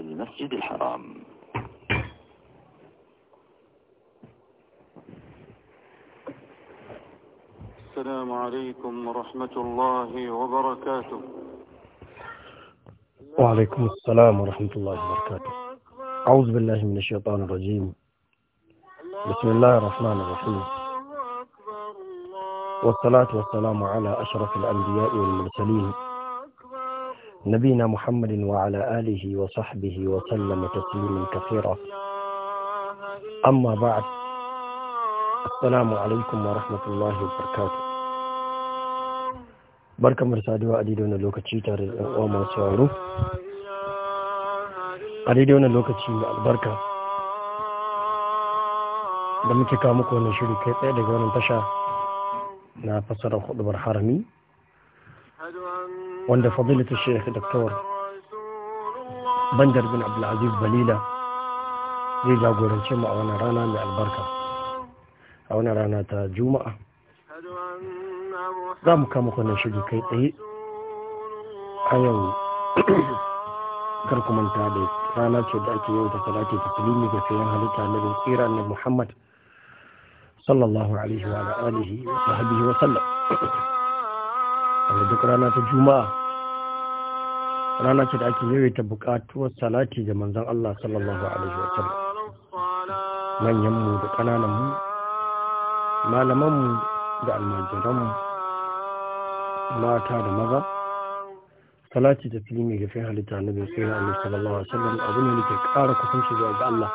المسجد الحرام السلام عليكم ورحمة الله وبركاته وعليكم السلام ورحمة الله وبركاته أعوذ بالله من الشيطان الرجيم بسم الله الرحمن الرحيم والصلاة والسلام على أشرف الأنبياء والمرسلين نبينا محمد وعلى آله وصحبه وسلم تسليما كثيرا أما بعد السلام عليكم ورحمة الله وبركاته بركة مرسادي وأديدون اللوكة تشيطر وما سوارو أديدون اللوكة تشيطر بركة لم تكامكو نشيري كيبئة لغوان انتشا نا الخطب الحرمي وند فضيلة الشيخ الدكتور بندر بن عبد العزيز بليلة يجا قولن شمع ونرانا البركة أو نرانا تا جمعة زام كم كنا شجي كي تي أيو كركم أنت علي رانا شد أكي يوم تسلاتي تسليمي بفيان هلتا نبي إيران محمد صلى الله عليه وعلى آله وصحبه وسلم أنا ذكرنا في الجمعة rana ce da ake ta bukatuwar salati ga manzon Allah sallallahu alaihi wasallam manyan mu da ƙananan mu malaman mu da almajiran mu mata da maza salati da filimi ga fi halitta na bin sura Allah sallallahu alaihi sallam abu ne da ƙara kusanci zuwa ga Allah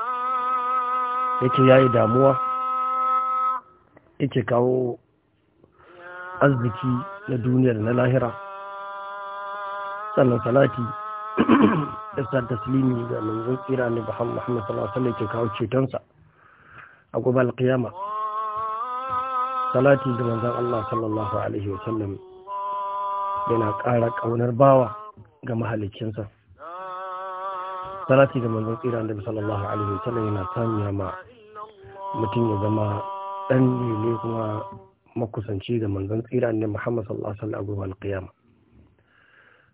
yake yayi damuwa yake kawo arziki na duniya da na lahira sannan salati da taslimi ga manzon tsira ne ba Muhammad sallallahu alaihi ke kawo cetonsa a gobal alkiyama salati da manzon Allah sallallahu alaihi wasallam yana ƙara ƙaunar bawa ga mahalicinsa salati da manzon tsira da sallallahu alaihi wasallam yana sanya ma mutum ya zama dan ne kuma makusanci da manzon tsira ne Muhammad sallallahu alaihi wasallam a gobal alkiyama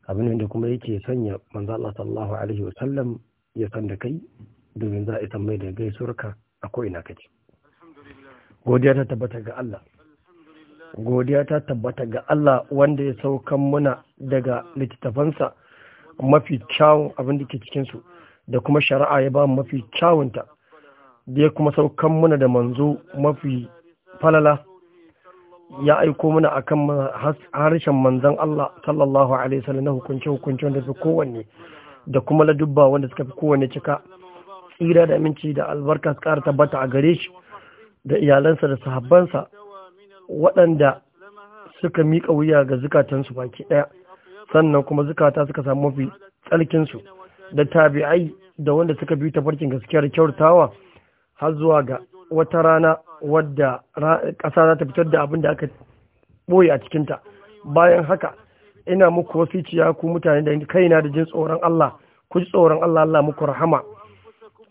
abin da kuma yake sanya manzo Allah sallallahu alaihi wa sallam ya san da kai domin za a san mai da gaisurka a ko ina kace godiya ta tabbata ga Allah godiya ta tabbata ga Allah wanda ya saukan muna daga littafansa mafi kyawun abin da ke cikin su da kuma shari'a ya ba mu mafi kyawunta da ya kuma saukan muna da manzo mafi falala ya aiko mana akan harshen manzon Allah sallallahu alaihi wasallam na hukunce hukunce wanda su kowanne da kuma ladubba wanda suka fi kowanne cika tsira da aminci da albarka su ƙara tabbata a gare shi da iyalansa da sahabbansa waɗanda suka miƙa wuya ga zukatansu baki ɗaya sannan kuma zukata suka samu mafi tsarkinsu da tabi'ai da wanda suka bi farkin gaskiyar kyautawa har zuwa ga wata rana wadda ƙasa za ta fitar da abin da aka ɓoye a cikinta bayan haka ina muku wasiciya ku mutane da kaina da jin tsoron Allah ku ji tsoron Allah Allah muku rahama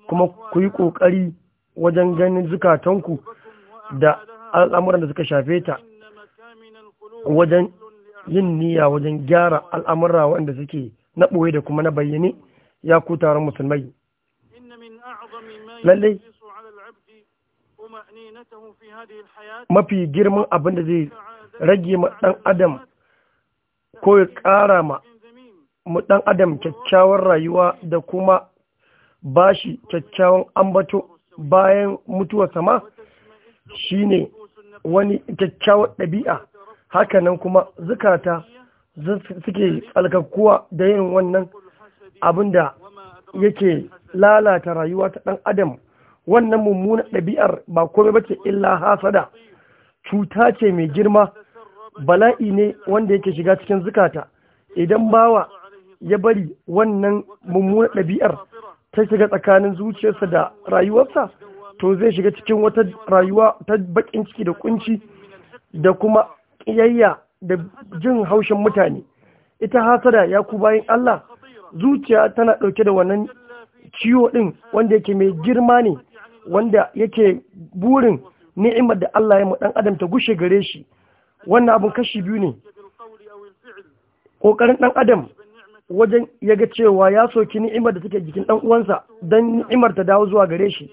kuma ku yi ƙoƙari wajen ganin zukatanku da al'amuran da suka shafe ta wajen yin niyya wajen gyara al'amura wanda suke na ɓoye da kuma na bayyane ya ku taron musulmai lallai mafi girman abin da zai rage ma ɗan adam ko ya ƙara ma mu ɗan adam kyakkyawar rayuwa da kuma bashi kyakkyawan ambato bayan mutuwa sama shine wani kyakkyawar ɗabi'a hakanan kuma zukata suke tsalkakkuwa da yin wannan abin da yake lalata rayuwa ta ɗan adam wannan mummuna ɗabi'ar ba komai bace illa hasada cuta ce mai girma bala'i ne wanda yake shiga cikin zukata idan bawa ya bari wannan mummuna ɗabi'ar ta shiga tsakanin zuciyarsa da rayuwarsa to zai shiga cikin wata rayuwa ta baƙin ciki da kunci da kuma ƙiyayya da jin haushin mutane ita hasada ya ku bayan Allah zuciya tana ɗauke da wannan ciwo ɗin wanda yake mai girma ne wanda yake burin ni'imar da Allah ya mu dan adam ta gushe gare shi wannan abun kashi biyu ne kokarin dan adam wajen ya ga cewa ya soki ni'imar da take jikin dan uwansa dan ni'imar ta dawo zuwa gare shi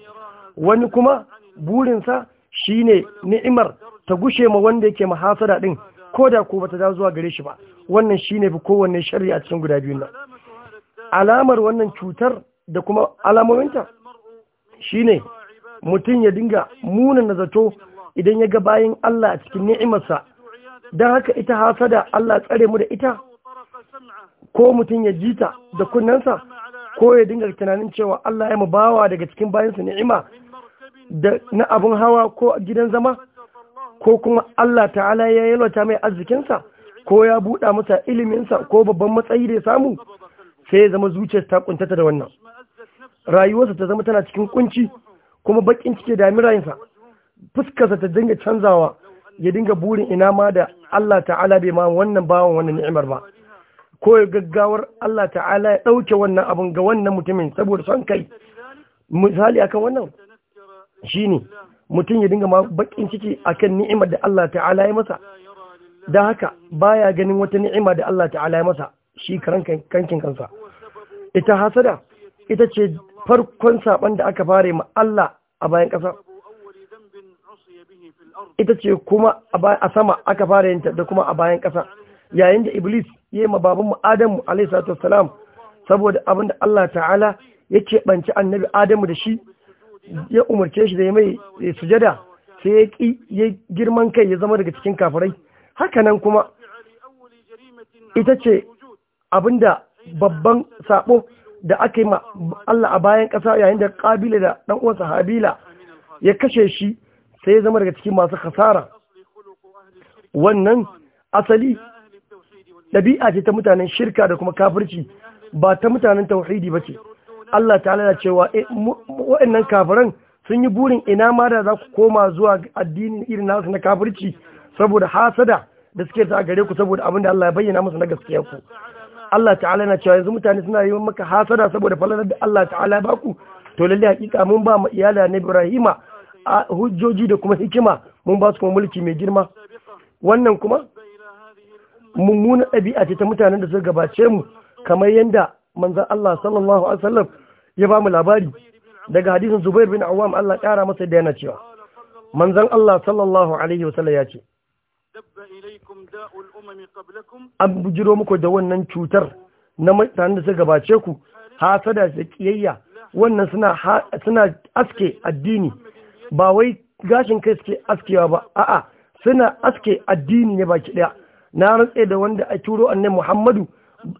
wani kuma burinsa shine ni'imar ta gushe ma wanda yake mahasada din koda da ko bata dawo zuwa gare shi ba wannan shine bi kowanne sharri a cikin guda biyu nan alamar wannan cutar da kuma alamominta shine mutum ya dinga munana zato idan ya ga bayan Allah a cikin ni'imarsa don haka ita hasada Allah tsare mu da ita ko mutum ya ji ta da kunnensa ko ya dinga tunanin cewa Allah ya mu bawa daga cikin bayansa ni'ima da na abun hawa ko gidan zama ko kuma Allah ta'ala ya yalwata mai arzikinsa ko ya buɗa masa iliminsa ko babban matsayi da ya samu sai ya zama zuciyar ta kuntata da wannan rayuwarsa ta zama tana cikin kunci kuma bakin cike da mirayinsa fuskarsa ta dinga canzawa ya dinga burin ina ma da Allah ta'ala bai ma wannan bawan wannan ni'imar ba ko gaggawar Allah ta'ala ya ɗauke wannan abin ga wannan mutumin saboda son kai misali akan wannan shine mutum ya dinga ma bakin ciki akan ni'imar da Allah ta'ala ya masa da haka baya ganin wata ni'ima da Allah ta'ala ya masa shi karan kankin kansa ita hasada ita ce farkon saban da aka fara ma Allah a bayan ƙasa ita ce kuma a sama aka fara yinta da kuma a bayan ƙasa yayin da iblis ya yi babanmu adamu alaihissalatu saboda abin da Allah ta'ala ya keɓanci annabi adamu da shi ya umarce shi da ya mai sujada sai ya ƙi ya girman kai ya zama daga cikin kafirai hakanan kuma ita ce da babban saɓo. da aka yi ma Allah a bayan ƙasa yayin da ƙabila da ɗan uwansa habila ya kashe shi sai ya zama daga cikin masu khasara wannan asali ɗabi'a ce ta mutanen shirka da kuma kafirci ba ta mutanen tauhidi ba ce Allah ta halala cewa eh, waɗannan kafiran sun yi burin ina ma da za ku koma zuwa addinin irin nasu na kafirci saboda hasada da suke ta gare ku saboda abin da Allah ya bayyana musu na gaskiya ku Allah ta'ala yana cewa yanzu mutane suna yi maka hasada saboda falalar da Allah ta'ala ba ku to lalle hakika mun ba mu iyala na Ibrahima hujjoji da kuma hikima mun ba su kuma mulki mai girma wannan kuma mummunan ɗabi'a ce ta mutanen da suka gabace mu kamar yadda manzon Allah sallallahu alaihi wasallam ya ba mu labari daga hadisin Zubair bin Awwam Allah ƙara masa da yana cewa manzon Allah sallallahu alaihi wasallam ya ce an bujiro muku da wannan cutar na mutanen da suka gabace ku hasada da kiyayya wannan suna suna aske addini ba wai gashin kai suke askewa ba a'a suna aske addini ne baki daya na rantse da wanda a turo annabi Muhammadu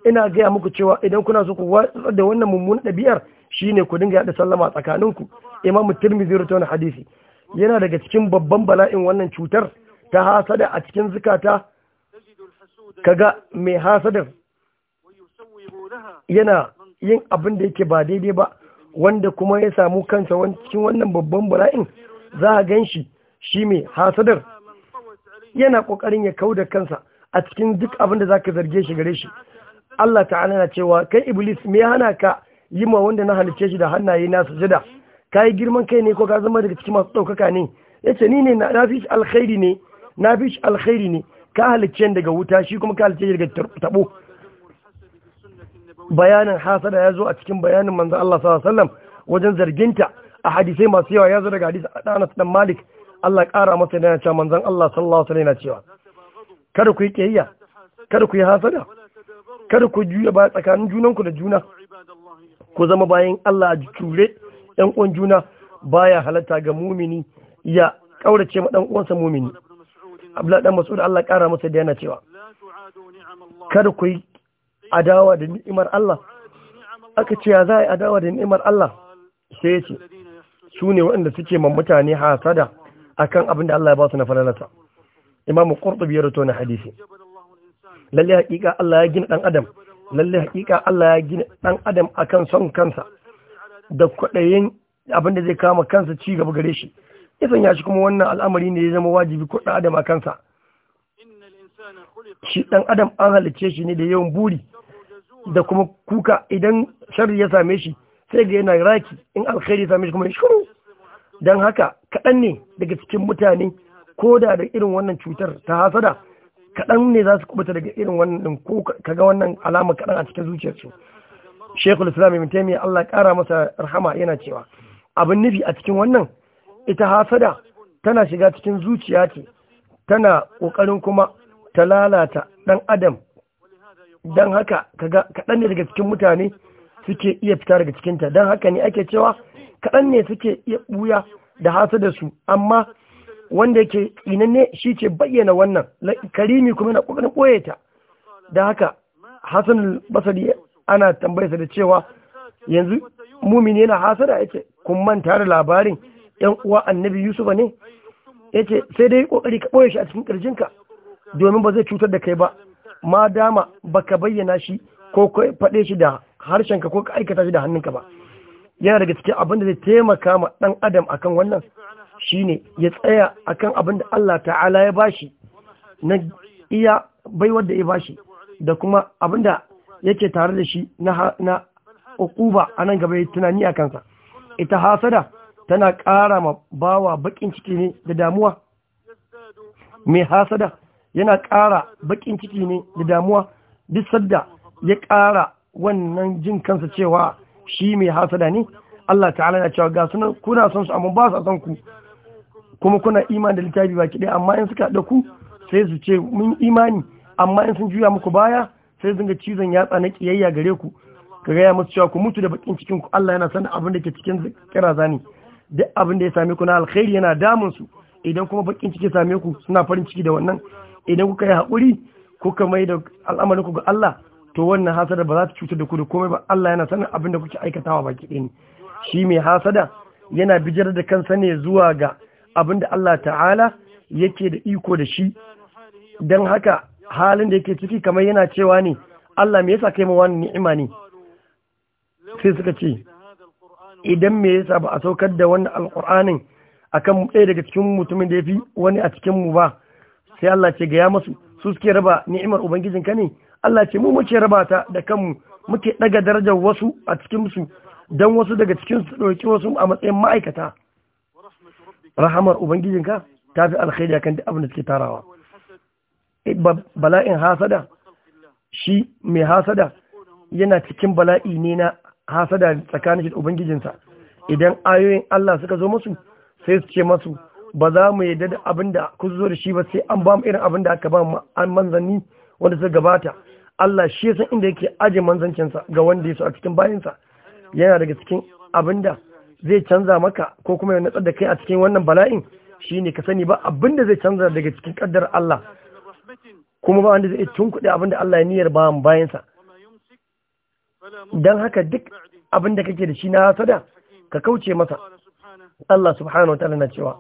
ina gaya muku cewa idan kuna so ku da wannan mummunan ɗabi'ar shine ku dinga yada sallama tsakaninku imamu tirmidhi rawaito hadisi yana daga cikin babban bala'in wannan cutar ta hasada a cikin zukata kaga mai hasadar yana yin abin da yake ba daidai ba wanda kuma ya samu kansa cikin wannan babban bala'in za a gan shi shi mai hasadar yana ƙoƙarin ya kau da kansa a cikin duk abin da za ka zarge shi gare shi Allah ta'ala na cewa kai iblis me hana ka yi ma wanda na halice shi da hannaye na sujada ka yi girman kai ne ko ka zama daga cikin masu ɗaukaka ne ya ce ni ne na alkhairi ne na fi shi alkhairi ne ka halicce daga wuta shi kuma ka halicce daga tabo bayanin hasada ya zo a cikin bayanin manzan Allah sallallahu wajen zarginta a hadisai masu yawa ya zo daga a Anas dan Malik Allah ƙara masa yana cewa manzan Allah sallallahu alaihi wasallam yana cewa kada ku yi kada ku yi hasada kada ku juya ba tsakanin junanku da juna ku zama bayan Allah a jure ƴan uwan juna baya halatta ga mumini ya kaurace ma ɗan uwansa mumini abdullahi dan mas'ud Allah kara masa da yana cewa kada ku adawa da ni'imar Allah aka ce ya za adawa da ni'imar Allah sai ya ce su ne waɗanda suke man mutane hasada akan abin da Allah ya ba su na falalata Imam qurtubi ya rawaito na hadisi lalle haƙiƙa Allah ya gina dan adam lalle haƙiƙa Allah ya gina dan adam akan son kansa da kwaɗayin abin da zai kama kansa ci gaba gare shi ya sanya shi kuma wannan al'amari ne ya zama wajibi ko ɗan adam a kansa shi ɗan adam an halicce shi ne da yawan buri da kuma kuka idan sharri ya same shi sai ga yana raki in alkhairi ya same shi kuma shuru don haka kaɗan ne daga cikin mutane ko da da irin wannan cutar ta hasada kaɗan ne za su kubuta daga irin wannan ko kaga wannan alama kaɗan a cikin zuciyarsu shekul islam ibn taymiya Allah ƙara masa rahama yana cewa abin nufi a cikin wannan ita hasada tana shiga cikin zuciya ce tana ƙoƙarin kuma ta lalata ɗan adam don haka kaɗan ne daga cikin mutane suke iya fita daga cikinta don haka ne ake cewa kaɗan ne suke iya ɓuya da hasada su amma wanda yake ne shi ke bayyana wannan karimi kuma na ƙoƙarin ɓoye ta da haka hasan basari ana tambayarsa da cewa yanzu mumini yana hasada yake kun manta da labarin yan uwa annabi yusufa ne Ya ce sai dai ƙoƙari ka ɓoye shi a cikin ƙirjinka domin ba zai cutar da kai ba ma dama ba ka bayyana shi ko ka faɗe shi da harshen ka ko ka aikata shi da hannunka ba yana daga cikin abin da zai taimaka ma ɗan adam akan wannan shine ya tsaya akan abin da Allah ta'ala ya bashi na iya baiwar da ya bashi da kuma abin da yake tare da shi na na ukuba a nan gaba ya tunani a kansa ita hasada tana ƙara ma bawa baƙin ciki ne da damuwa mai hasada yana ƙara baƙin ciki ne da damuwa duk sadda ya ƙara wannan jin kansa cewa shi mai hasada ne Allah ta'ala ya cewa ga sunan kuna son su amma ba su son ku kuma kuna imani da littafi ba ki amma in suka ku sai su ce mun imani amma in sun juya muku baya sai zunga cizon yatsa na ƙiyayya gare ku ka gaya musu cewa ku mutu da bakin cikin ku Allah yana sanin abin da ke cikin kira zani duk abin da ya same ku na alkhairi yana damun su idan kuma bakin ciki same ku suna farin ciki da wannan idan kuka yi haƙuri kuka mai da al'amarin ku ga Allah to wannan hasada ba za ta cutar da ku da komai ba Allah yana sanin abin da kuke aikatawa baki ɗaya ne shi mai hasada yana bijirar da kansa ne zuwa ga abin da Allah ta'ala yake da iko da shi dan haka halin da yake ciki kamar yana cewa ne Allah me yasa kai ma wannan ni'ima ne sai suka ce idan me yasa ba a saukar da wannan alƙur'anin akan ɗaya daga cikin mutumin da ya fi wani a cikin mu ba sai Allah ce gaya masu su suke raba ni'imar ubangijin ka ne Allah ce mu muke raba ta da kanmu muke ɗaga darajar wasu a cikin su dan wasu daga cikin su ɗauki wasu a matsayin ma'aikata rahamar ubangijin ka ta fi alkhairi akan duk abin da suke tarawa eh, bala'in hasada shi mai hasada yana cikin bala'i ne na hasada tsakanin shi da ubangijinsa idan ayoyin Allah suka zo musu sai su ce masu ba za mu yarda da abin da ku zo da shi ba sai an ba mu irin abin da aka ba mu an manzanni wanda suka gabata Allah shi san inda yake aje manzancinsa ga wanda ya a cikin bayinsa yana daga cikin abin zai canza maka ko kuma ya natsar da kai a cikin wannan bala'in shine ka sani ba abin zai canza daga cikin kaddar Allah kuma ba wanda zai tunkuɗe abin da Allah ya niyyar ba mu bayansa Dan haka duk abin da kake da shi na hasada ka kauce masa Allah subhanahu wa ta'ala na cewa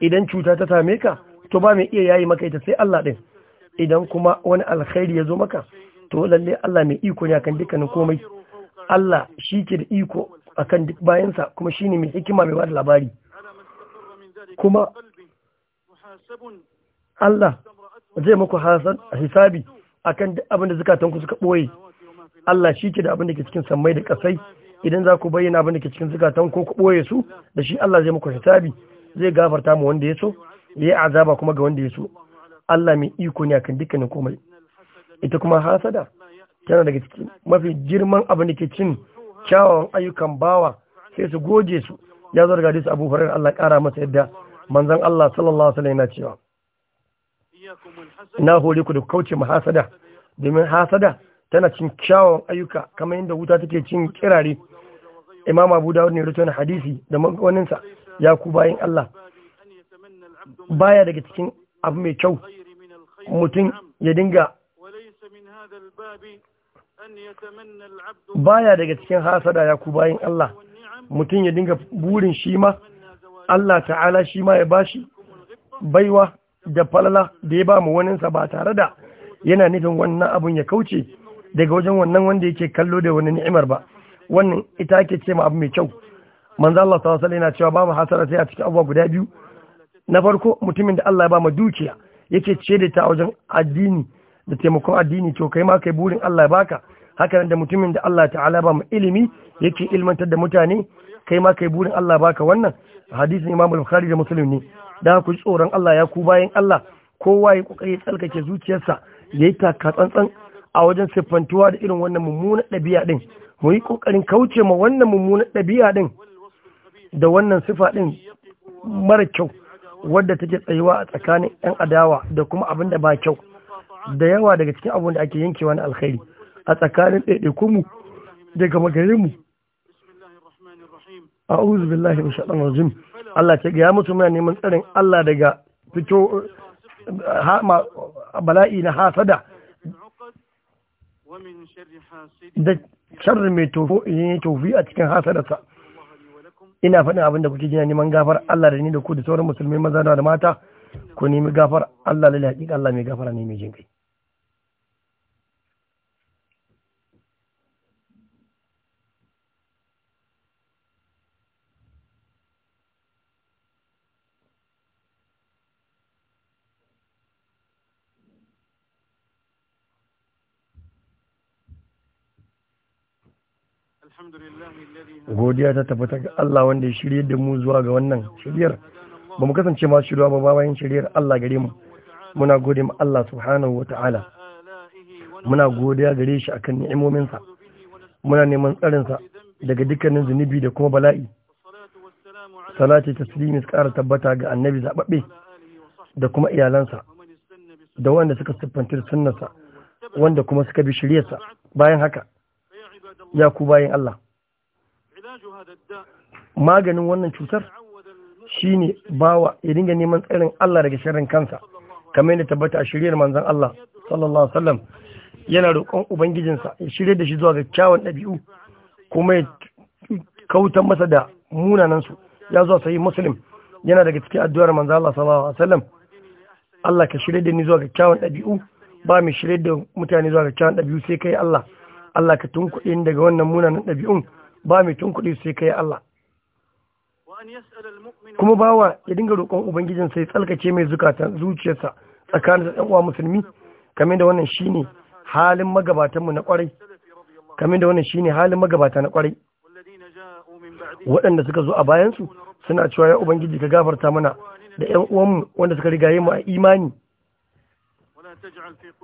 idan cuta ta same ka to ba mai iya yayi maka ita sai Allah din idan kuma wani alkhairi ya zo maka to lalle Allah mai iko ne akan dukkanin komai Allah shi ke da iko akan duk bayansa kuma shine mai hikima mai bada labari kuma Allah zai muku hasan hisabi akan duk abin da zukatanku suka ɓoye. Allah shi ke da abin da ke cikin sammai da kasai idan za ku bayyana abin da ke cikin zukatan ko ku ɓoye su da shi Allah zai muku hisabi zai gafarta mu wanda ya so ya yi azaba kuma ga wanda ya so Allah mai iko ne akan dukkanin komai ita kuma hasada tana daga cikin mafi girman abin da ke cin kyawawan ayyukan bawa sai su goje su ya zo daga hadisi Abu Hurairah Allah kara masa yadda manzon Allah sallallahu alaihi wasallam yana cewa na hore ku da kauce mu hasada domin hasada tana cin kyawun ayyuka kamar yadda wuta take cin kirare imam abu dawud ne rutun hadisi da maganinsa ya ku bayan allah baya daga cikin abu mai kyau mutum ya dinga baya daga cikin hasada ya ku bayan allah mutum ya dinga burin shi ma allah ta'ala shi ma ya bashi baiwa da falala da ya ba mu waninsa ba tare da yana nufin wannan abun ya kauce daga wajen wannan wanda yake kallo da wani ni'imar ba wannan ita ake ce ma abu mai kyau manzo Allah sallallahu alaihi yana cewa babu hasara sai a cikin abubuwa guda biyu na farko mutumin da Allah ya ba ma dukiya yake ce da ta wajen addini da taimakon addini to kai ma kai burin Allah ya baka haka da mutumin da Allah ta'ala ba mu ilimi yake ilmantar da mutane kai ma kai burin Allah baka wannan hadisin Imam Bukhari da Muslim ne da ku tsoron Allah ya ku bayan Allah kowa ya kokari ya tsarkake zuciyarsa yayi taka tsantsan a wajen siffantuwa da irin wannan mummunan ɗabi'a ɗin mu yi ƙoƙarin kauce ma wannan mummunan ɗabi'a ɗin da wannan sifa ɗin mara kyau wadda take tsayuwa a tsakanin 'yan adawa da kuma abin da ba kyau da yawa daga cikin abin da ake yankewa na alkhairi a tsakanin ɗaiɗaikunmu daga magarinmu a uzu billahi wa shaɗan rajim Allah ce ga ya mutu muna neman tsarin Allah daga fito bala'i na hasada da sharri mai tofi a cikin hasadarsa ina faɗin abin da kuke jina neman gafar Allah da ni da ku da sauran musulmai maza da mata ku nemi gafar Allah lalle haƙiƙa Allah mai gafara ne mai jinkai. godiya ta tabbata ga Allah wanda ya shirye da mu zuwa ga wannan shiryar ba mu kasance ma shirya ba bayan shiryar Allah gare mu muna gode ma Allah subhanahu wa ta'ala. muna godiya gare shi akan ni'imominsa muna neman tsarinsa daga dukkanin zunubi da kuma bala'i salati taslimi kara tabbata ga annabi zaɓaɓɓe da kuma iyalansa da wanda suka siffanci sunnarsa wanda kuma suka bi shiryarsa bayan haka ya ku bayan Allah maganin wannan cutar shine bawa ya dinga neman tsarin Allah daga shirin kansa kamar yadda tabbata a shiryar manzan Allah sallallahu alaihi wasallam yana roƙon ubangijinsa ya shirya da shi zuwa ga kyawun ɗabi'u kuma ya kautan masa da munanan su ya zuwa sayi muslim yana daga cikin addu'ar manzan Allah sallallahu alaihi wasallam Allah ka shirya da ni zuwa ga kyawun ɗabi'u ba mai shirya da mutane zuwa ga kyawun ɗabi'u sai kai Allah Allah ka tunkuɗe ni daga wannan munanan ɗabi'un ba mai tun kuɗi sai kai Allah kuma bawa ya dinga roƙon ubangijin sai tsalkace mai zukatan zuciyarsa tsakanin da uwa musulmi kamar da wannan shine halin magabatanmu na ƙwarai. kamar da wannan ne halin magabata na ƙwarai. waɗanda suka zo a bayansu suna cewa ya ubangiji ka gafarta mana da ƴan uwanmu wanda suka rigaye mu a imani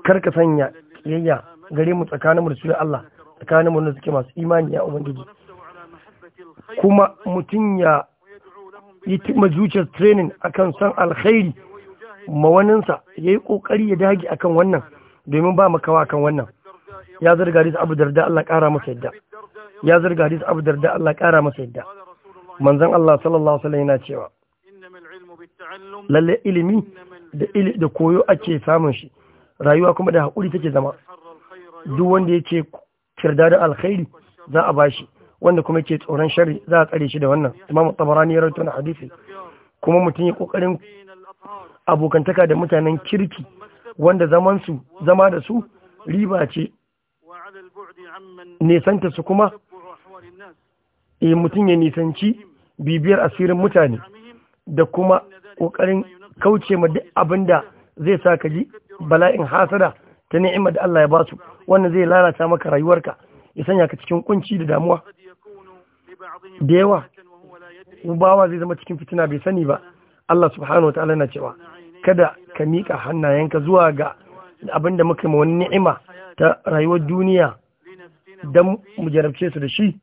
kar ka sanya ƙiyayya gare mu tsakaninmu da Allah Allah tsakaninmu da suke masu imani ya ubangiji kuma mutum ya yi tima zuciyar training akan san alkhairi mawaninsa ya yi ƙoƙari ya dage akan wannan domin ba makawa akan wannan ya zarga hadis abu darda Allah ƙara masa yadda ya zarga hadis abu darda Allah ƙara masa yadda manzon Allah sallallahu alaihi wasallam yana cewa lalle ilimi da da koyo ake samun shi rayuwa kuma da haƙuri take zama duk wanda yake kirda da alkhairi za a bashi wanda kuma ke tsoron shari za a tsare shi da wannan imamu tabarani ya rawaito na hadisi kuma mutum ya kokarin abokantaka da mutanen kirki wanda zaman su zama da su riba ce nisanta su kuma e mutum ya nisanci bibiyar asirin mutane da kuma kokarin kauce ma duk abin da zai sa ka ji bala'in hasada ta ni'imar da Allah ya ba su wannan zai lalata maka rayuwarka ya sanya ka cikin kunci da damuwa da yawa wa zai zama cikin fitina bai sani ba Allah subhanahu wataala na cewa kada ka miƙa hannayenka zuwa ga abin da muka wani ni'ima ta rayuwar duniya don mu jarabce su da shi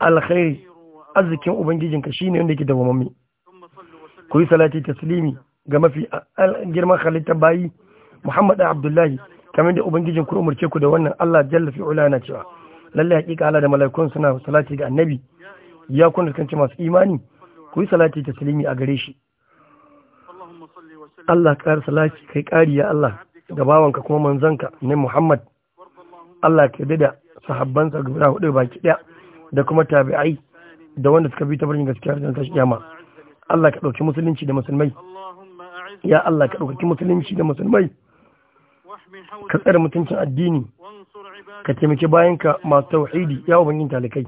alkhairi arzikin ubangijinka shine wanda yake dawwamami ku yi salati taslimi ga mafi girman halitta bayi Muhammad Abdullahi kamar da ubangijin ku umarce ku da wannan Allah jalla fi'ula na cewa lalle hakika Allah da mala'ikun suna salati ga annabi ya kun da masu imani ku yi salati ta salimi a gare shi Allah ƙara salati kai ƙari ya Allah da bawanka kuma manzanka ne Muhammad Allah ka da sahabbansa guda hudu baki ɗaya da kuma tabi'ai da wanda suka bi ta barin gaskiya da tashi kiyama Allah ka ɗauki musulunci da musulmai ya Allah ka ɗauki musulunci da musulmai ka tsare mutuncin addini ka taimaki bayanka masu tauhidi ya ubangin talikai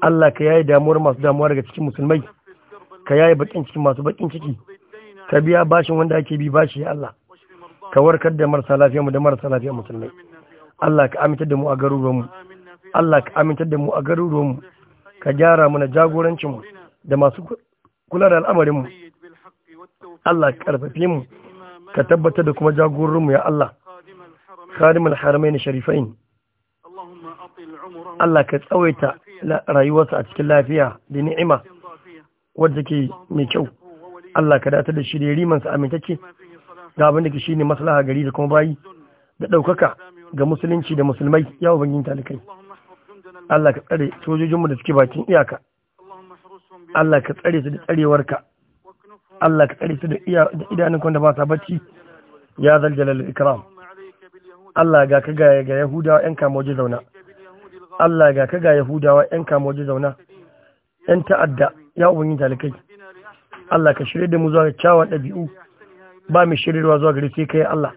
Allah ka yayi damuwar masu damuwa daga cikin musulmai ka yayi bakin ciki masu bakin ciki ka biya bashin wanda ake bi bashi ya Allah ka warkar da marasa lafiya mu da marasa lafiya musulmai Allah ka amintar da mu a garuruwan mu Allah ka amintar da mu a garuruwan mu ka gyara mana jagorancin mu da masu kula da al'amarin mu Allah ka karfafe mu ka tabbatar da kuma jagororin mu ya Allah khadimul haramain sharifain Allah ka tsawaita rayuwarsa a cikin lafiya da ni'ima wadda ke mai kyau Allah ka datar da shi da rimansa amintacce ga abin da ke shine maslaha gari da kuma bayi da ɗaukaka ga musulunci da musulmai ya ubangin talikai Allah ka tsare sojojinmu da suke bakin iyaka Allah ka tsare su da tsarewarka Allah ka tsare su da idanun kwanda ba sa bacci ya zal jalal ikram Allah ga ka ga ga Yahudawa yan kamoji zauna Allah ga ka ga Yahudawa yan kamoji zauna yan ta'adda ya ubangiji talikai Allah ka shirya da mu zuwa kyawun ɗabi'u ba mai shiryarwa zuwa gari sai kai Allah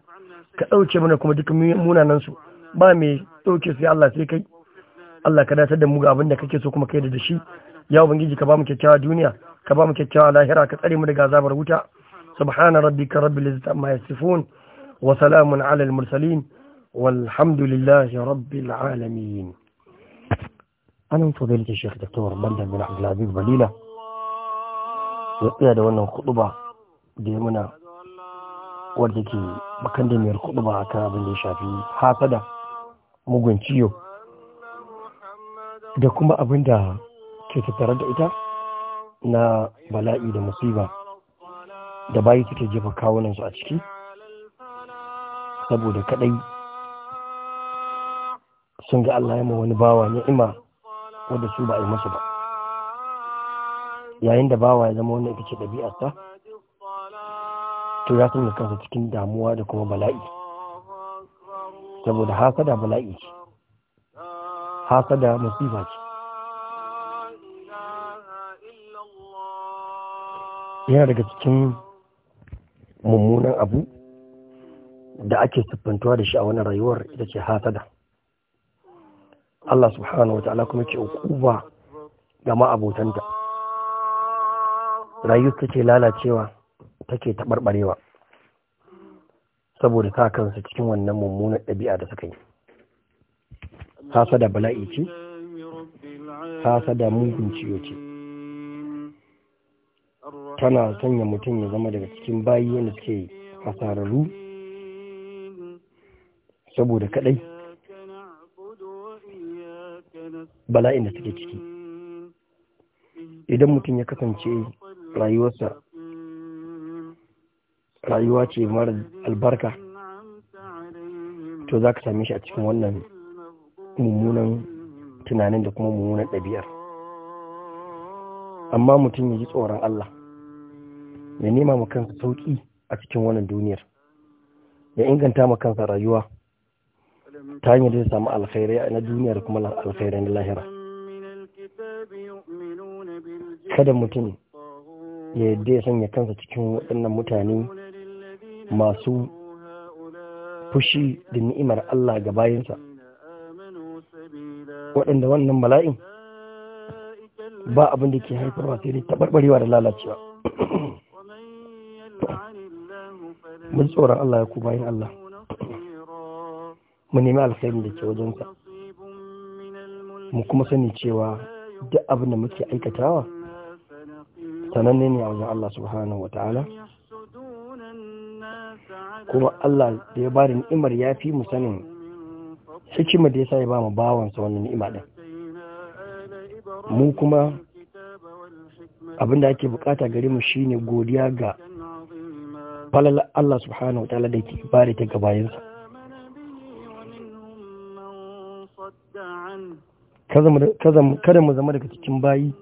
ka ɗauke mana kuma duk munanan su ba mai ɗauke sai Allah sai kai Allah ka datar da mu ga abin da kake so kuma kai da shi ya ubangiji ka ba mu kyakkyawa duniya ka ba mu kyakkyawa lahira ka tsare mu daga azabar wuta subhana rabbika rabbil izzati amma yasifun wa salamun alal mursalin والحمد لله رب Anan أنا من فضيلة الشيخ دكتور بندر بن عبد العزيز بليلة يقيا da wannan khutba da muna wadda ke bakan da mai khutba akan abin shafi hasada mugun ciyo da kuma abinda da ke tattare da ita na bala'i da musiba da bayi suke jefa kawunan su a ciki saboda kadai sun ga Allah ya ma wani bawa ni'ima wanda su ba a yi musu ba yayin da bawa ya zama wani ita ce ta, to ya sanya kansa cikin damuwa da kuma bala'i saboda hasada bala'i ce hasada musiba ce yana daga cikin mummunan abu da ake siffantuwa da shi a wani rayuwar ita ce hasada Allah subhanahu wa ta'ala kuma ke ukuba ga ma'abotanta ta ke lalacewa take taɓarɓarewa saboda ta kansa cikin wannan mummunan ɗabi'a da suka yi da bala'i ce da mugun ciwo ce tana sanya mutum ya zama daga cikin bayi wanda suke hasararru saboda kaɗai bala'in da suke ciki idan mutum ya kasance rayuwarsa rayuwa ce mara albarka to za ka same shi a cikin wannan mummunan tunanin da kuma mummunan ɗabi'ar amma mutum ya ji tsoron Allah ya nema ma kansa sauƙi a cikin wannan duniyar ya inganta ma kansa rayuwa ta hanyar zai samu alkhairai na duniya da kuma alkhairai na lahira kada mutum ya yadda ya sanya kansa cikin waɗannan mutane masu fushi da ni'imar Allah ga bayansa waɗanda wannan bala'in ba abin da ke haifarwa sai dai taɓarɓarewa da lalacewa mun tsoron Allah ya ku bayan Allah mu nemi alkhairin da ke wajensa mu kuma sani cewa duk abin da muke aikatawa sananne ne a wajen Allah subhanahu ta'ala kuma Allah da ya ba da ni'imar ya fi mu sanin hikima da ya sa ya ba mu bawansa wannan ni'ima ɗin mu kuma abin da ake bukata gare mu shine godiya ga falal Allah subhanahu ta'ala da ke bare ta gabayinsa kada mu zama daga cikin bayi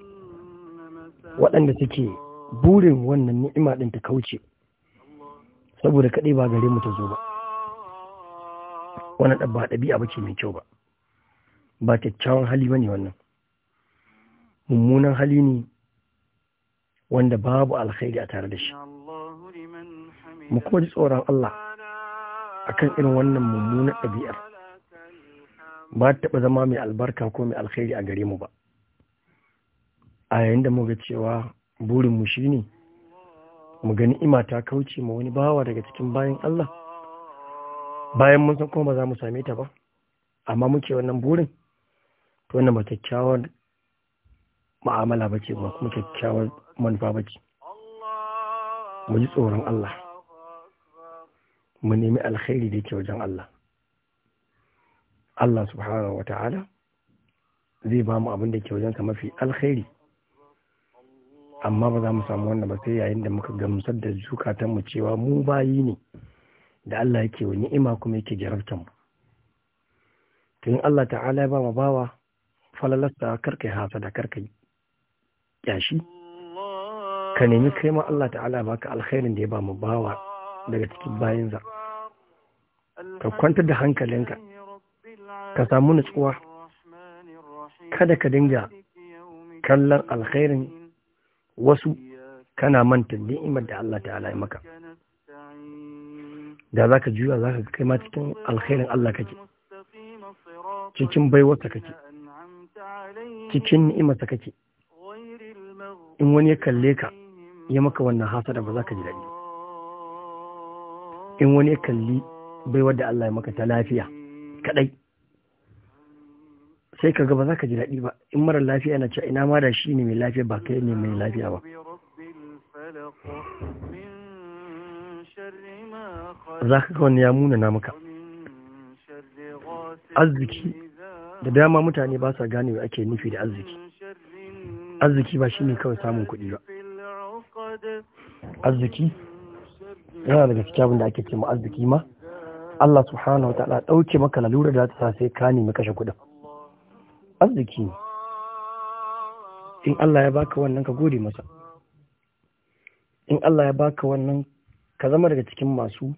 waɗanda suke burin wannan ni'ima ɗin ta kauce saboda kaɗai ba gare mu ta zo ba wannan ba ɗabi'a ba ce mai kyau ba ba kyakkyawan hali ba ne wannan mummunan hali ne wanda babu alkhairi a tare da shi mu kuma ji tsoron Allah akan irin wannan mummunan ɗabi'ar ba ta taɓa zama mai albarka ko mai alkhairi a gare mu ba a yayin da muga cewa burinmu shi ne mu gani ima ta kauce ma wani bawa daga cikin bayan Allah bayan mun san kuma ba za mu same ta ba amma muke wannan burin to wannan ba kyakkyawar ma'amala ba ce ba kuma kyakkyawar manufa ba ce mu ji tsoron Allah mu nemi alkhairi da ke wajen Allah Allah subhanahu wa ta'ala zai ba mu abin da ke ka mafi alkhairi amma ba za mu samu wannan ba sai yayin da muka gamsar da zukatanmu cewa mu bayi ne da Allah yake wani, ni'ima kuma yake jarabtan mu tun Allah ta'ala ya ba mu bawa falalasta karkai hasa da karkai yashi? ka nemi kai ma Allah ta'ala baka alkhairin da ya ba mu bawa daga cikin za ka kwantar da hankalinka ka samu nutsuwa kada ka dinga kallon alkhairin wasu kana manta ni'imar da Allah Ta ya maka da za ka juya za ka kai ma cikin alkhairin Allah kake cikin baiwarsa kake cikin ni'imarsa kake in wani ya kalle ka ya maka wannan hasada ba za ka ji daɗi in wani ya kalli baiwar da Allah ya maka ta lafiya kaɗai sai ka gaba za ka ji daɗi ba in mara lafiya na ce ina ma da shi ne mai lafiya ba kai ne mai lafiya ba za ka ga wani ya muna na maka arziki da dama mutane ba sa gane wa ake nufi da arziki arziki ba shi ne kawai samun kuɗi ba arziki yana daga cikin abin da ake ce ma arziki ma Allah subhanahu wa ta'ala ɗauke maka lalura da ta sa sai ka nemi kashe kuɗin arziki in Allah ya baka wannan ka gode masa in Allah ya baka wannan ka zama daga cikin masu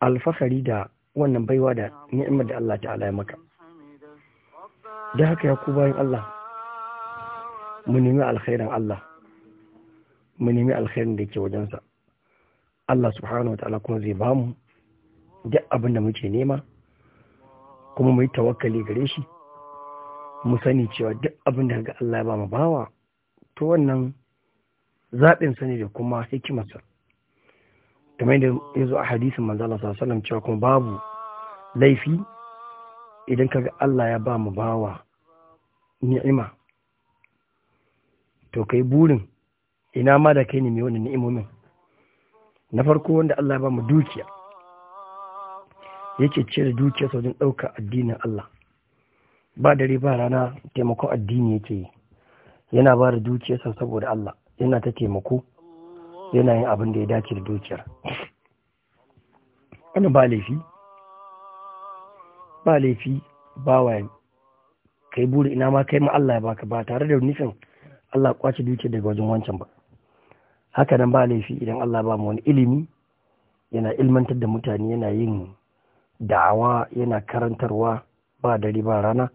alfahari da wannan baiwa da ni'imar da Allah ta'ala ya maka da haka ya ku bayan Allah mu nemi alkhairin Allah mu nemi alkhairin da yake wajensa Allah subhanahu wata'ala kuma zai bamu duk abin da muke nema kuma mu yi tawakkali gare shi mu sani cewa duk abin da ga Allah ya ba mu bawa to wannan zaɓin sani da kuma hikimarsa kamar da ya zo a hadisin manzala sallam cewa kuma babu laifi idan ka ga Allah ya ba mu bawa ni'ima to kai burin ina ma da kai ne mai wannan ni'imomin na farko wanda Allah ya ba mu dukiya yake cire dukiya sau don ɗaukar addinin Allah ba dare ba rana taimakon addini yake yi yana ba da dukiyarsa saboda Allah yana ta taimako yana yin abin da ya dace da dukiyar wani ba laifi ba laifi ba wayan kai buri ina ma kai ma Allah ya baka ba tare da nufin Allah kwace dukiyar daga wajen wancan ba haka nan ba laifi idan Allah ba mu wani ilimi yana ilmantar da mutane yana yin da'awa yana karantarwa ba dare ba rana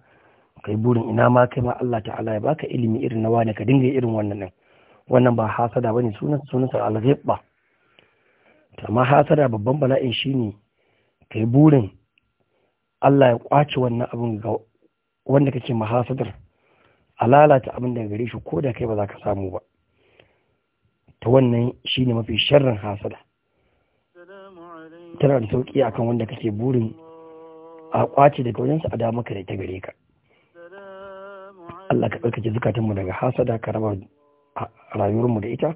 kai burin ina ma kai ma Allah ta'ala ya baka ilimi irin na wane ka dinga irin wannan nan wannan ba hasada bane sunan sunan sa al-ghibba ma hasada babban bala'in shine kai burin Allah ya kwace wannan abin ga wanda kake mahasadar a lalata abin da gare shi ko da kai ba za ka samu ba ta wannan shine mafi sharrin hasada tana da sauki akan wanda kake burin a kwace daga wajensa a da maka da ta gare ka Allah ka ɗaukake zukatanmu daga hasada ka raba rayuwarmu da ita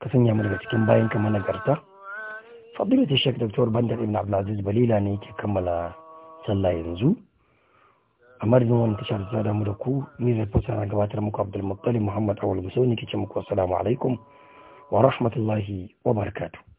ka sanya mu daga cikin bayan ka managarta fadilatu shek dr bandar ibn abdulaziz balila ne ke kammala sallah yanzu a madadin wani tashar ta damu da ku ni zai fasa na gabatar muku abdulmuttali muhammad awal musauni ke ce muku assalamu alaikum wa rahmatullahi wa barakatuh